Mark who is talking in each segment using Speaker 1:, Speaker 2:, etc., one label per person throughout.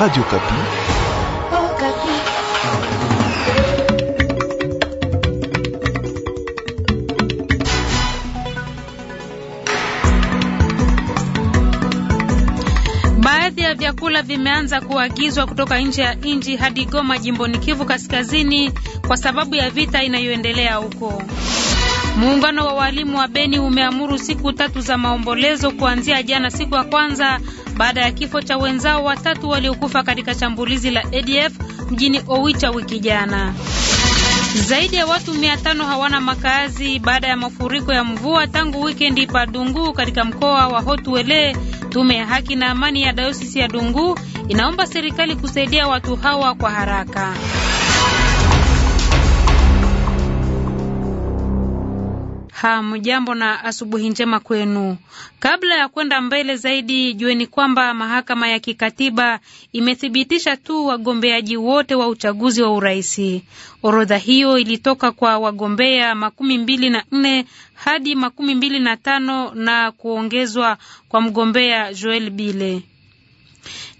Speaker 1: Radio Okapi.
Speaker 2: Oh,
Speaker 3: Baadhi ya vyakula vimeanza kuagizwa kutoka nje ya nchi hadi Goma jimboni Kivu Kaskazini kwa sababu ya vita inayoendelea huko. Muungano wa walimu wa Beni umeamuru siku tatu za maombolezo kuanzia jana siku ya kwanza baada ya kifo cha wenzao watatu waliokufa katika shambulizi la ADF mjini Owicha wiki jana. Zaidi ya watu mia tano hawana makazi baada ya mafuriko ya mvua tangu wikendi pa Dungu katika mkoa wa Hotuele. Tume ya haki na amani ya dayosisi ya Dungu inaomba serikali kusaidia watu hawa kwa haraka. Hamjambo na asubuhi njema kwenu. Kabla ya kwenda mbele zaidi, jueni kwamba mahakama ya kikatiba imethibitisha tu wagombeaji wote wa uchaguzi wa uraisi. Orodha hiyo ilitoka kwa wagombea makumi mbili na nne hadi makumi mbili na tano na kuongezwa kwa mgombea Joel Bile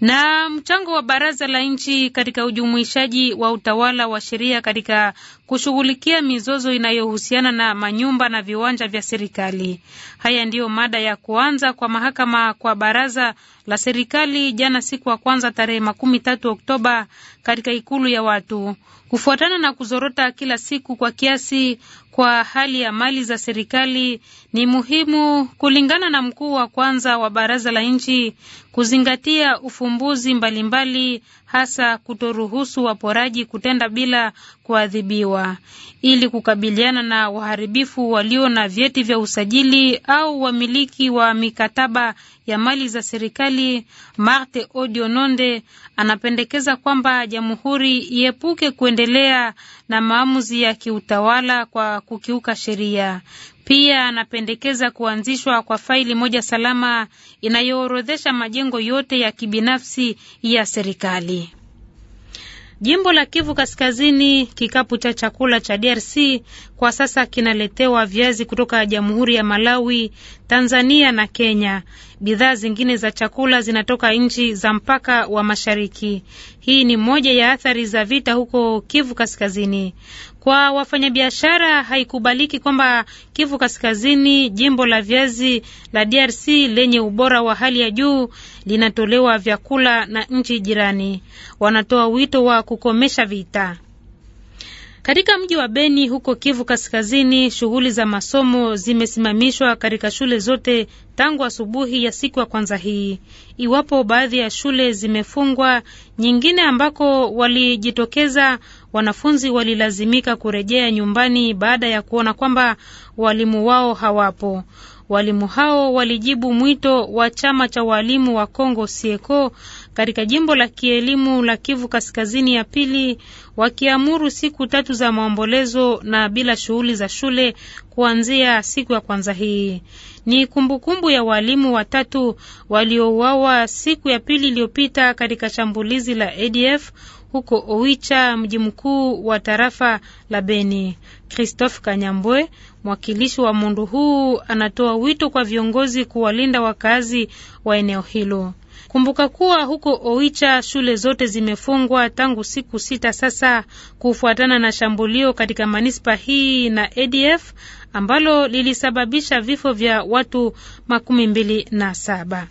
Speaker 3: na mchango wa baraza la nchi katika ujumuishaji wa utawala wa sheria katika kushughulikia mizozo inayohusiana na manyumba na viwanja vya serikali. Haya ndiyo mada ya kuanza kwa mahakama kwa baraza la serikali jana siku ya kwanza tarehe makumi tatu Oktoba katika ikulu ya watu, kufuatana na kuzorota kila siku kwa kiasi kwa hali ya mali za serikali ni muhimu kulingana na mkuu wa kwanza wa baraza la nchi kuzingatia ufumbuzi mbalimbali mbali, hasa kutoruhusu waporaji kutenda bila kuadhibiwa, ili kukabiliana na waharibifu walio na vyeti vya usajili au wamiliki wa mikataba ya mali za serikali. Marte Odiononde anapendekeza kwamba jamhuri iepuke kuendelea na maamuzi ya kiutawala kwa kukiuka sheria. Pia anapendekeza kuanzishwa kwa faili moja salama inayoorodhesha majengo yote ya kibinafsi ya serikali. Jimbo la Kivu Kaskazini, kikapu cha chakula cha DRC kwa sasa kinaletewa viazi kutoka Jamhuri ya Malawi, Tanzania na Kenya. Bidhaa zingine za chakula zinatoka nchi za mpaka wa mashariki. Hii ni moja ya athari za vita huko Kivu Kaskazini. Kwa wafanyabiashara, haikubaliki kwamba Kivu Kaskazini, jimbo la viazi la DRC lenye ubora wa hali ya juu, linatolewa vyakula na nchi jirani. Wanatoa wito wa kukomesha vita. Katika mji wa Beni huko Kivu Kaskazini, shughuli za masomo zimesimamishwa katika shule zote tangu asubuhi ya siku ya kwanza hii. Iwapo baadhi ya shule zimefungwa, nyingine ambako walijitokeza wanafunzi walilazimika kurejea nyumbani baada ya kuona kwamba walimu wao hawapo. Walimu hao walijibu mwito wa chama cha walimu wa Kongo sieko katika jimbo la kielimu la Kivu Kaskazini ya pili, wakiamuru siku tatu za maombolezo na bila shughuli za shule kuanzia siku ya kwanza hii. Ni kumbukumbu kumbu ya walimu watatu waliouawa siku ya pili iliyopita katika shambulizi la ADF huko Oicha, mji mkuu wa tarafa la Beni. Christophe Kanyambwe Mwakilishi wa muundo huu anatoa wito kwa viongozi kuwalinda wakazi wa eneo hilo. Kumbuka kuwa huko Oicha shule zote zimefungwa tangu siku sita sasa kufuatana na shambulio katika manispa hii na ADF ambalo lilisababisha vifo vya watu makumi mbili na saba.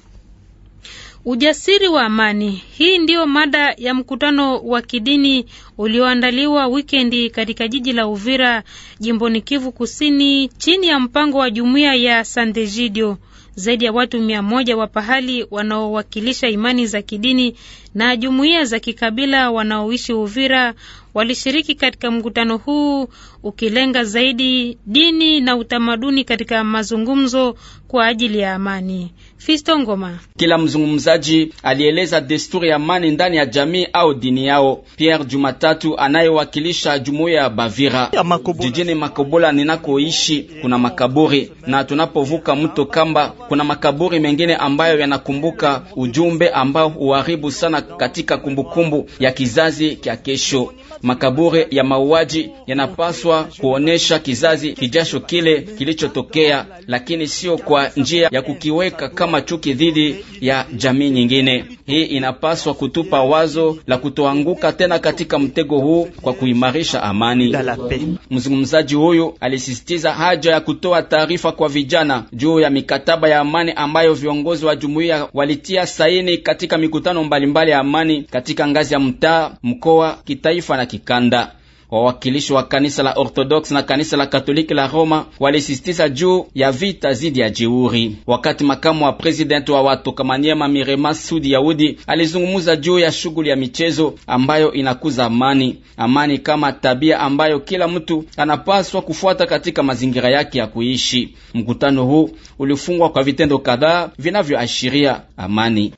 Speaker 3: Ujasiri wa amani. Hii ndiyo mada ya mkutano wa kidini ulioandaliwa wikendi katika jiji la Uvira, jimboni Kivu Kusini, chini ya mpango wa jumuiya ya Sandejidio. Zaidi ya watu mia moja wa pahali wanaowakilisha imani za kidini na jumuiya za kikabila wanaoishi Uvira walishiriki katika mkutano huu ukilenga zaidi dini na utamaduni katika mazungumzo kwa ajili ya amani. Fisto Ngoma.
Speaker 4: Kila mzungumzaji alieleza desturi ya amani ndani ya jamii au dini yao. Pierre Jumatatu anayewakilisha jumuiya ya Bavira jijini Makobola ninakoishi, kuna makaburi na tunapovuka mto Kamba kuna makaburi mengine ambayo yanakumbuka ujumbe ambao uharibu sana katika kumbukumbu ya kizazi kya kesho makaburi ya mauaji yanapaswa kuonesha kizazi kijasho kile kilichotokea, lakini sio kwa njia ya kukiweka kama chuki dhidi ya jamii nyingine. Hii inapaswa kutupa wazo la kutoanguka tena katika mtego huu kwa kuimarisha amani. Mzungumzaji huyu alisisitiza haja ya kutoa taarifa kwa vijana juu ya mikataba ya amani ambayo viongozi wa jumuiya walitia saini katika mikutano mbalimbali ya amani katika ngazi ya mtaa, mkoa, kitaifa na kikanda. Wawakilishi wa kanisa la Orthodox na kanisa la Katoliki la Roma walisisitiza juu ya vita zidi ya jeuri. Wakati makamu wa presidenti wa watu Maniema Mirema Sudi Yahudi alizungumza juu ya shughuli ya michezo ambayo inakuza amani, amani kama tabia ambayo kila mtu anapaswa kufuata katika mazingira yake ya kuishi. Mkutano huu ulifungwa kwa vitendo kadhaa vinavyoashiria amani.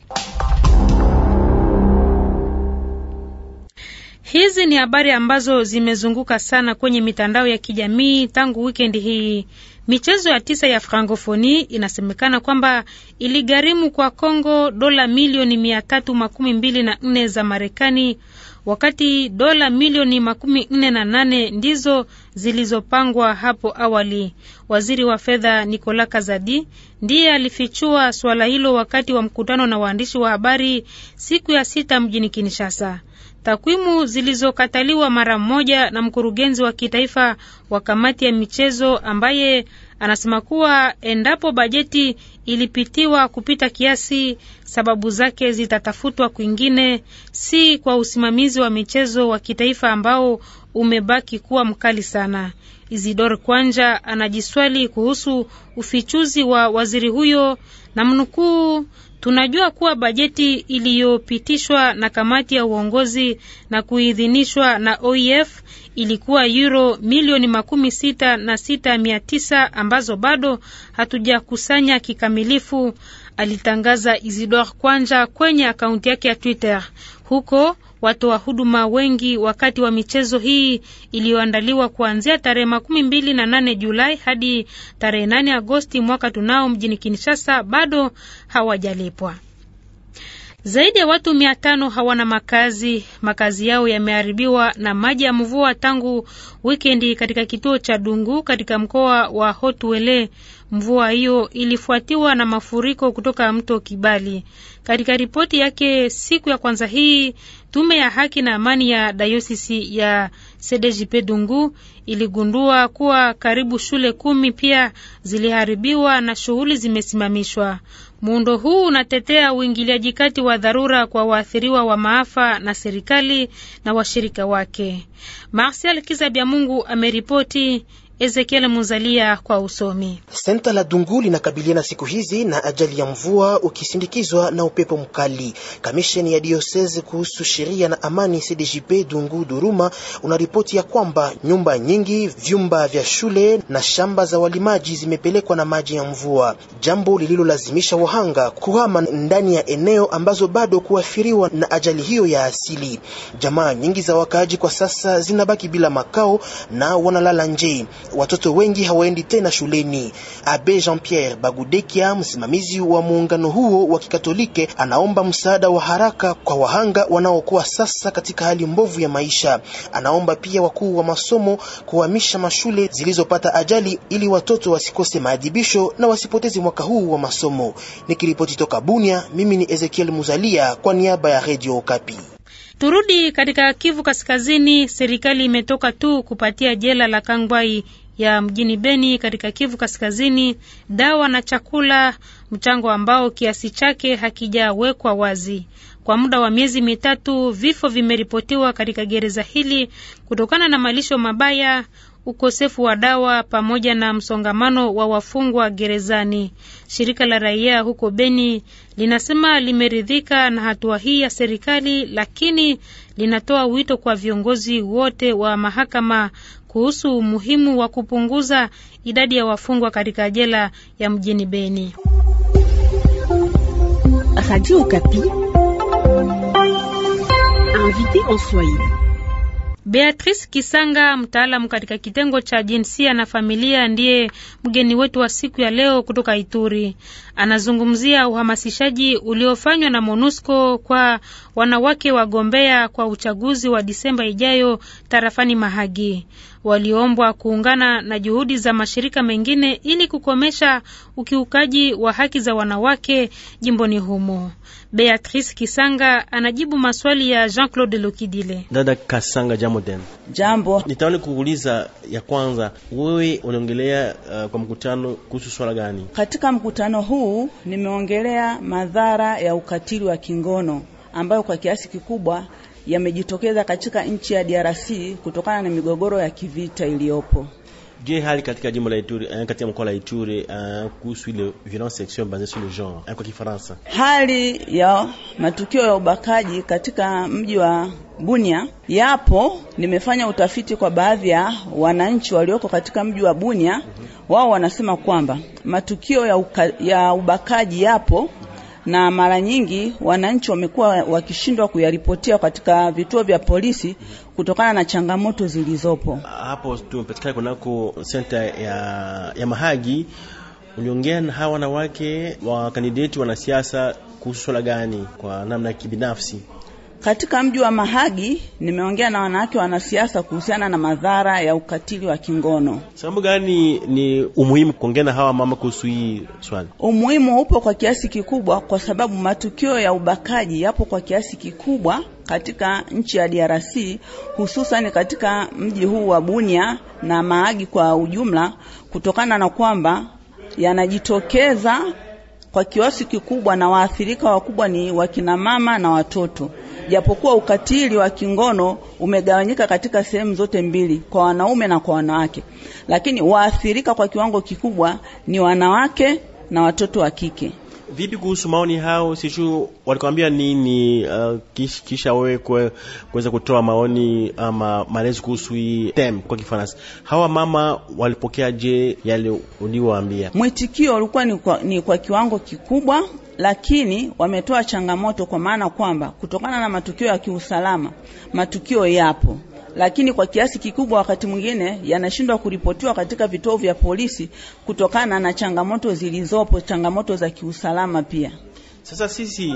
Speaker 3: Hizi ni habari ambazo zimezunguka sana kwenye mitandao ya kijamii tangu wikendi hii. Michezo ya tisa ya frankofoni inasemekana kwamba iligharimu kwa Congo dola milioni mia tatu makumi mbili na nne za Marekani, wakati dola milioni makumi nne na nane ndizo zilizopangwa hapo awali. Waziri wa fedha nicola Kazadi ndiye alifichua suala hilo wakati wa mkutano na waandishi wa habari siku ya sita mjini Kinshasa takwimu zilizokataliwa mara moja na mkurugenzi wa kitaifa wa kamati ya michezo ambaye anasema kuwa endapo bajeti ilipitiwa kupita kiasi, sababu zake zitatafutwa kwingine, si kwa usimamizi wa michezo wa kitaifa ambao umebaki kuwa mkali sana isidor Kwanja anajiswali kuhusu ufichuzi wa waziri huyo na mnukuu, tunajua kuwa bajeti iliyopitishwa na kamati ya uongozi na kuidhinishwa na OIF e ilikuwa euro milioni makumi sita na sita mia tisa ambazo bado hatujakusanya kikamilifu, alitangaza isidor Kwanja kwenye akaunti yake ya Twitter huko watoa huduma wengi wakati wa michezo hii iliyoandaliwa kuanzia tarehe makumi mbili na nane Julai hadi tarehe nane Agosti mwaka tunao mjini Kinshasa bado hawajalipwa. Zaidi ya watu mia tano hawana makazi. Makazi yao yameharibiwa na maji ya mvua tangu wikendi katika kituo cha Dungu katika mkoa wa Hotwele. Mvua hiyo ilifuatiwa na mafuriko kutoka mto Kibali. Katika ripoti yake siku ya kwanza hii, tume ya haki na amani ya dayosisi ya CDJP Dungu iligundua kuwa karibu shule kumi pia ziliharibiwa na shughuli zimesimamishwa. Muundo huu unatetea uingiliaji kati wa dharura kwa waathiriwa wa maafa na serikali na washirika wake. Marcel Kizabya Mungu ameripoti. Ezekiel Muzalia kwa usomi.
Speaker 1: Senta la Dungu linakabiliana siku hizi na ajali ya mvua ukisindikizwa na upepo mkali. Kamisheni ya dioseze kuhusu sheria na amani CDJP Dungu Duruma unaripoti ya kwamba nyumba nyingi, vyumba vya shule na shamba za walimaji zimepelekwa na maji ya mvua, jambo lililolazimisha wahanga kuhama ndani ya eneo ambazo bado kuathiriwa na ajali hiyo ya asili. Jamaa nyingi za wakaaji kwa sasa zinabaki bila makao na wanalala nje watoto wengi hawaendi tena shuleni. Abe Jean Pierre Bagudekia, msimamizi wa muungano huo wa Kikatolike, anaomba msaada wa haraka kwa wahanga wanaokuwa sasa katika hali mbovu ya maisha. Anaomba pia wakuu wa masomo kuhamisha mashule zilizopata ajali ili watoto wasikose maadhibisho na wasipoteze mwaka huu wa masomo. Nikiripoti toka Bunia, mimi ni Ezekiel Muzalia kwa niaba ya Radio Okapi.
Speaker 3: Turudi katika Kivu Kaskazini. Serikali imetoka tu kupatia jela la Kangwai ya mjini Beni katika Kivu Kaskazini dawa na chakula, mchango ambao kiasi chake hakijawekwa wazi. Kwa muda wa miezi mitatu, vifo vimeripotiwa katika gereza hili kutokana na malisho mabaya, ukosefu wa dawa pamoja na msongamano wa wafungwa gerezani. Shirika la raia huko Beni linasema limeridhika na hatua hii ya serikali, lakini linatoa wito kwa viongozi wote wa mahakama kuhusu umuhimu wa kupunguza idadi ya wafungwa katika jela ya mjini Beni. Radio Okapi en Swahili Beatrice Kisanga, mtaalamu katika kitengo cha jinsia na familia, ndiye mgeni wetu wa siku ya leo kutoka Ituri. Anazungumzia uhamasishaji uliofanywa na MONUSCO kwa wanawake wagombea kwa uchaguzi wa Disemba ijayo tarafani Mahagi waliombwa kuungana na juhudi za mashirika mengine ili kukomesha ukiukaji wa haki za wanawake jimboni humo. Beatrice Kisanga anajibu maswali ya Jean-Claude Lokidile.
Speaker 1: Dada Kasanga, jambo tena. Jambo. Nitaona kuuliza ya kwanza, wewe unaongelea uh, kwa mkutano kuhusu swala gani?
Speaker 5: Katika mkutano huu nimeongelea madhara ya ukatili wa kingono ambayo kwa kiasi kikubwa yamejitokeza katika nchi ya DRC kutokana na migogoro ya kivita iliyopo.
Speaker 1: Je, hali katika jimbo la Ituri, eh, katika mkoa la Ituri eh, kuhusu ile violence sexuelle basée sur le genre eh, kwa Kifaransa,
Speaker 5: hali ya matukio ya ubakaji katika mji wa Bunia yapo. Nimefanya utafiti kwa baadhi ya wananchi walioko katika mji wa Bunia. mm -hmm. Wao wanasema kwamba matukio ya, uka, ya ubakaji yapo na mara nyingi wananchi wamekuwa wakishindwa kuyaripotia katika vituo vya polisi kutokana na changamoto zilizopo.
Speaker 1: Hapo tumepatikana kunako senta ya, ya Mahagi. Uliongea
Speaker 5: na hawa wanawake wa kandideti wanasiasa kuhusu swala gani kwa namna ya kibinafsi? Katika mji wa Mahagi nimeongea na wanawake wanasiasa kuhusiana na madhara ya ukatili wa kingono.
Speaker 1: Sababu gani ni umuhimu kuongea na hawa mama kuhusu hii swali?
Speaker 5: Umuhimu upo kwa kiasi kikubwa kwa sababu matukio ya ubakaji yapo kwa kiasi kikubwa katika nchi ya DRC hususan katika mji huu wa Bunia na Mahagi kwa ujumla, kutokana na kwamba yanajitokeza kwa kiasi kikubwa na waathirika wakubwa ni wakina mama na watoto japokuwa ukatili wa kingono umegawanyika katika sehemu zote mbili, kwa wanaume na kwa wanawake, lakini waathirika kwa kiwango kikubwa ni wanawake na watoto wa kike.
Speaker 1: Vipi kuhusu maoni hao? Sijui walikwambia nini uh, kisha wewe kuweza kutoa maoni ama malezi kuhusu hii tem
Speaker 5: kwa Kifaransa. Hawa mama walipokea je yale uliwaambia? Mwitikio ulikuwa ni kwa, ni kwa kiwango kikubwa lakini wametoa changamoto kwa maana kwamba kutokana na matukio ya kiusalama, matukio yapo, lakini kwa kiasi kikubwa wakati mwingine yanashindwa kuripotiwa katika vituo vya polisi kutokana na changamoto zilizopo, changamoto za kiusalama pia.
Speaker 1: Sasa sisi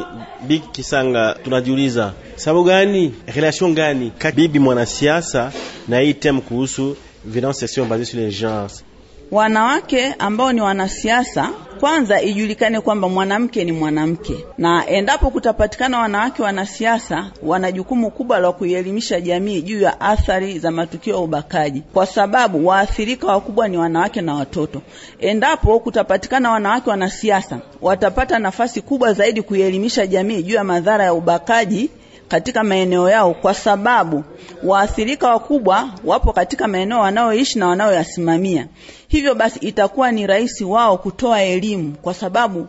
Speaker 1: Big Kisanga tunajiuliza sababu gani, relation gani kati bibi mwanasiasa na hii tem kuhusu violence sexuelle basee sur les genres
Speaker 5: wanawake ambao ni wanasiasa, kwanza ijulikane kwamba mwanamke ni mwanamke, na endapo kutapatikana wanawake wanasiasa, wana jukumu kubwa la kuielimisha jamii juu ya athari za matukio ya ubakaji, kwa sababu waathirika wakubwa ni wanawake na watoto. Endapo kutapatikana wanawake wanasiasa, watapata nafasi kubwa zaidi kuielimisha jamii juu ya madhara ya ubakaji katika maeneo yao, kwa sababu waathirika wakubwa wapo katika maeneo wanaoishi na wanaoyasimamia Hivyo basi, itakuwa ni rahisi wao kutoa elimu, kwa sababu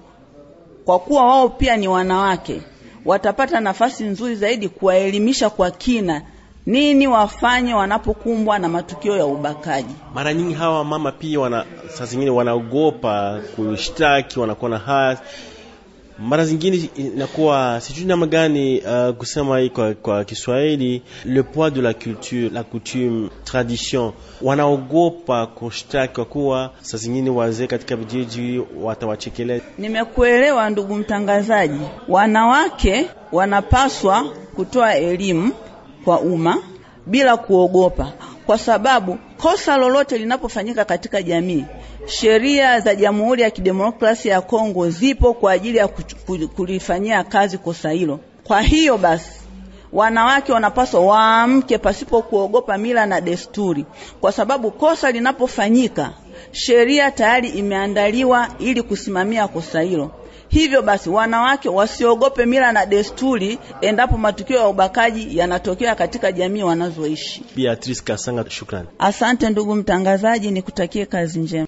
Speaker 5: kwa kuwa wao pia ni wanawake, watapata nafasi nzuri zaidi kuwaelimisha kwa kina nini wafanye wanapokumbwa na matukio ya ubakaji.
Speaker 1: Mara nyingi hawa mama pia wana, saa zingine wanaogopa kushtaki, wanakuwa na haya mara zingine inakuwa sijui namna gani uh, kusema hii kwa, kwa Kiswahili, le poids de la culture, la coutume, tradition. Wanaogopa kushtaki kwa kuwa saa zingine wazee katika vijiji
Speaker 5: watawachekelea. Nimekuelewa ndugu mtangazaji. Wanawake wanapaswa kutoa elimu kwa umma bila kuogopa, kwa sababu kosa lolote linapofanyika katika jamii sheria za Jamhuri ya Kidemokrasia ya Kongo zipo kwa ajili ya kulifanyia kazi kosa hilo. Kwa hiyo basi wanawake wanapaswa waamke pasipo kuogopa mila na desturi, kwa sababu kosa linapofanyika sheria tayari imeandaliwa ili kusimamia kosa hilo. Hivyo basi wanawake wasiogope mila na desturi endapo matukio ya ubakaji yanatokea katika jamii wanazoishi. Beatrice Kasanga, shukrani. Asante ndugu mtangazaji, nikutakie kazi njema.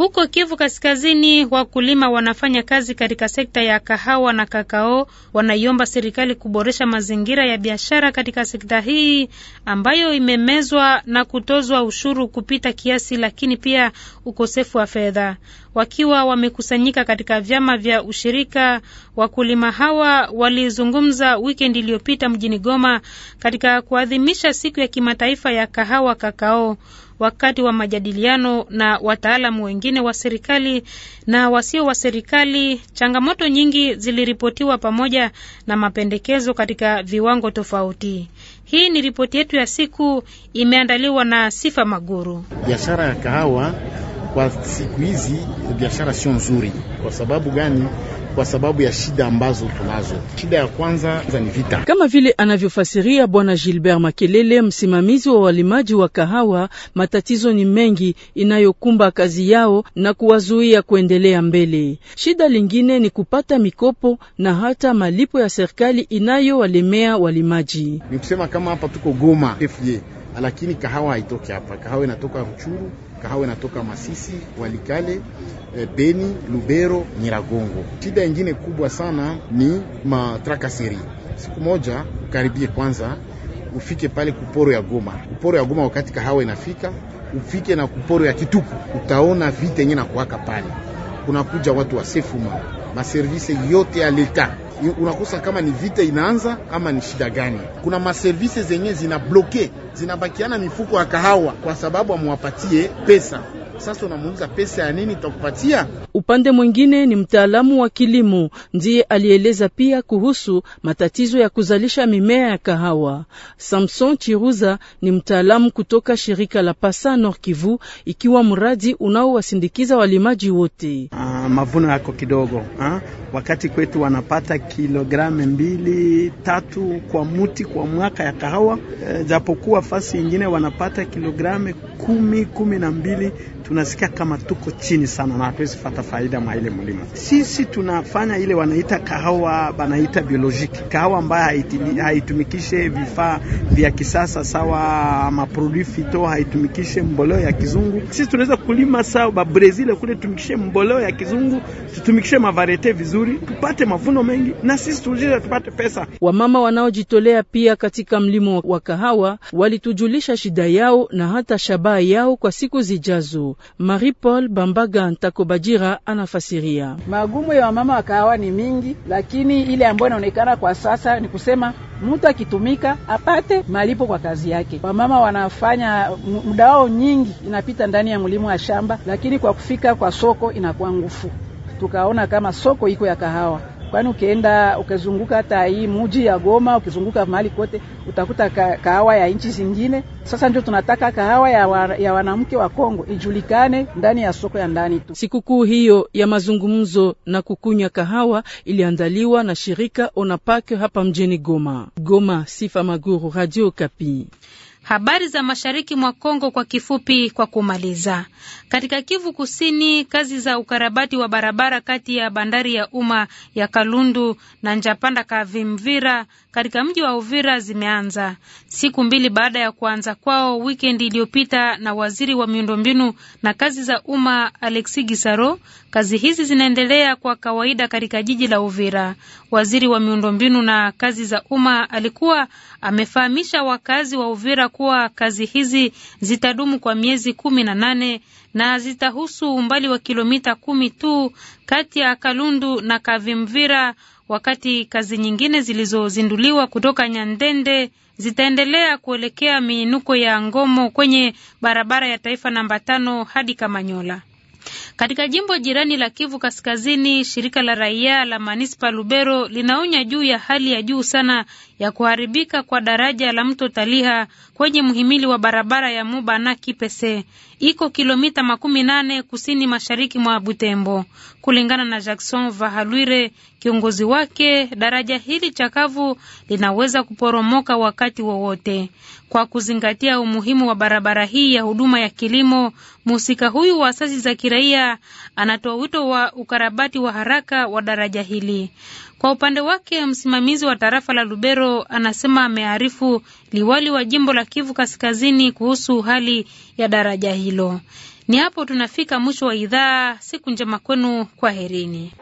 Speaker 3: Huko Kivu Kaskazini, wakulima wanafanya kazi katika sekta ya kahawa na kakao wanaiomba serikali kuboresha mazingira ya biashara katika sekta hii ambayo imemezwa na kutozwa ushuru kupita kiasi, lakini pia ukosefu wa fedha. Wakiwa wamekusanyika katika vyama vya ushirika, wakulima hawa walizungumza wikendi iliyopita mjini Goma katika kuadhimisha siku ya kimataifa ya kahawa kakao wakati wa majadiliano na wataalamu wengine wa serikali na wasio wa serikali. Changamoto nyingi ziliripotiwa pamoja na mapendekezo katika viwango tofauti. Hii ni ripoti yetu ya siku, imeandaliwa na Sifa Maguru.
Speaker 2: Biashara
Speaker 1: ya kahawa kwa siku hizi, biashara sio nzuri. Kwa sababu gani? kwa sababu ya shida ambazo tunazo. Shida ya kwanza ni vita,
Speaker 2: kama vile anavyofasiria Bwana Gilbert Makelele, msimamizi wa walimaji wa kahawa. Matatizo ni mengi inayokumba kazi yao na kuwazuia kuendelea mbele. Shida lingine ni kupata mikopo na hata malipo ya serikali inayowalemea walimaji. Ni kusema kama hapa tuko Goma lakini kahawa haitoki hapa, kahawa inatoka Ruchuru
Speaker 1: kahawa inatoka Masisi, Walikale, eh, Beni, Lubero, Nyiragongo. Shida ingine kubwa sana ni matrakaseri. Siku moja ukaribie kwanza ufike pale kuporo ya Goma, kuporo ya Goma, wakati kahawa inafika ufike na kuporo ya Kituku, utaona vita yenyewe na kuwaka pale, kuna kuja watu wa sefuma maservise yote ya leta unakosa kama ni vita inaanza ama ni shida gani. Kuna maservise zenye zina bloke zinabakiana mifuko ya kahawa kwa sababu amwapatie pesa.
Speaker 2: Sasa unamuuliza
Speaker 1: pesa ya nini itakupatia.
Speaker 2: Upande mwingine ni mtaalamu wa kilimo ndiye alieleza pia kuhusu matatizo ya kuzalisha mimea ya kahawa. Samson Chiruza ni mtaalamu kutoka shirika la Pasa Nord Kivu, ikiwa mradi unaowasindikiza walimaji wote. Ah, mavuno yako kidogo ah, wakati kwetu wanapata kilogramu mbili tatu kwa muti kwa mwaka ya kahawa, e, fasi ingine wanapata kilogramu kumi kumi na mbili tunasikia kama tuko chini sana na hatuwezi fata faida mwa ile mlima. Sisi tunafanya ile wanaita kahawa, banaita biolojiki, kahawa ambayo haitumikishe vifaa vya kisasa sawa maprodui fito, haitumikishe mboleo ya kizungu. Sisi tunaweza kulima sawa ba Brazil kule, tumikishe mboleo ya kizungu, tutumikishe mavarete vizuri, tupate mavuno mengi na sisi tujia tupate pesa. Wamama wanaojitolea pia katika mlimo wa kahawa walitujulisha shida yao na hata shabaha yao kwa siku zijazo. Marie Paul Bambaga Ntako Bajira anafasiria. Magumu ya wamama wa kahawa ni mingi, lakini ile ambayo inaonekana kwa sasa ni kusema mtu akitumika apate malipo kwa kazi yake. Wamama wanafanya muda wao nyingi inapita ndani ya mlimo wa shamba, lakini kwa kufika kwa soko inakuwa ngufu. Tukaona kama soko iko ya kahawa kwani ukienda ukizunguka hata hii muji ya Goma, ukizunguka mahali kote utakuta ka, kahawa ya nchi zingine. Sasa ndio tunataka kahawa ya, wa, ya wanamke wa Kongo ijulikane ndani ya soko ya ndani tu. Sikukuu hiyo ya mazungumzo na kukunywa kahawa iliandaliwa na shirika Onapake hapa mjini Goma. Goma, Sifa Maguru, Radio Kapi.
Speaker 3: Habari za mashariki mwa Kongo kwa kifupi, kwa kumaliza. Katika Kivu Kusini, kazi za ukarabati wa barabara kati ya bandari ya umma ya Kalundu na Njapanda Kavimvira katika mji wa Uvira zimeanza siku mbili baada ya kuanza kwao wikendi iliyopita na waziri wa miundombinu na kazi za umma Alexi Gisaro. Kazi hizi zinaendelea kwa kawaida katika jiji la Uvira. Waziri wa miundombinu na kazi za umma alikuwa amefahamisha wakazi wa Uvira kuwa kazi hizi zitadumu kwa miezi kumi na nane na zitahusu umbali wa kilomita kumi tu kati ya Kalundu na Kavimvira wakati kazi nyingine zilizozinduliwa kutoka Nyandende zitaendelea kuelekea miinuko ya Ngomo kwenye barabara ya taifa namba tano hadi Kamanyola. Katika jimbo jirani la Kivu Kaskazini, shirika la raia la manispa Lubero linaonya juu ya hali ya juu sana ya kuharibika kwa daraja la mto Taliha kwenye mhimili wa barabara ya Muba na Kipese iko kilomita makumi nane kusini mashariki mwa Butembo. Kulingana na Jackson Vahalwire, kiongozi wake, daraja hili chakavu linaweza kuporomoka wakati wowote. Kwa kuzingatia umuhimu wa barabara hii ya huduma ya kilimo, mhusika huyu wa asasi za kiraia anatoa wito wa ukarabati wa haraka wa daraja hili. Kwa upande wake msimamizi wa tarafa la Lubero anasema amearifu liwali wa jimbo la Kivu Kaskazini kuhusu hali ya daraja hilo. Ni hapo tunafika mwisho wa idhaa. Siku njema kwenu, kwa herini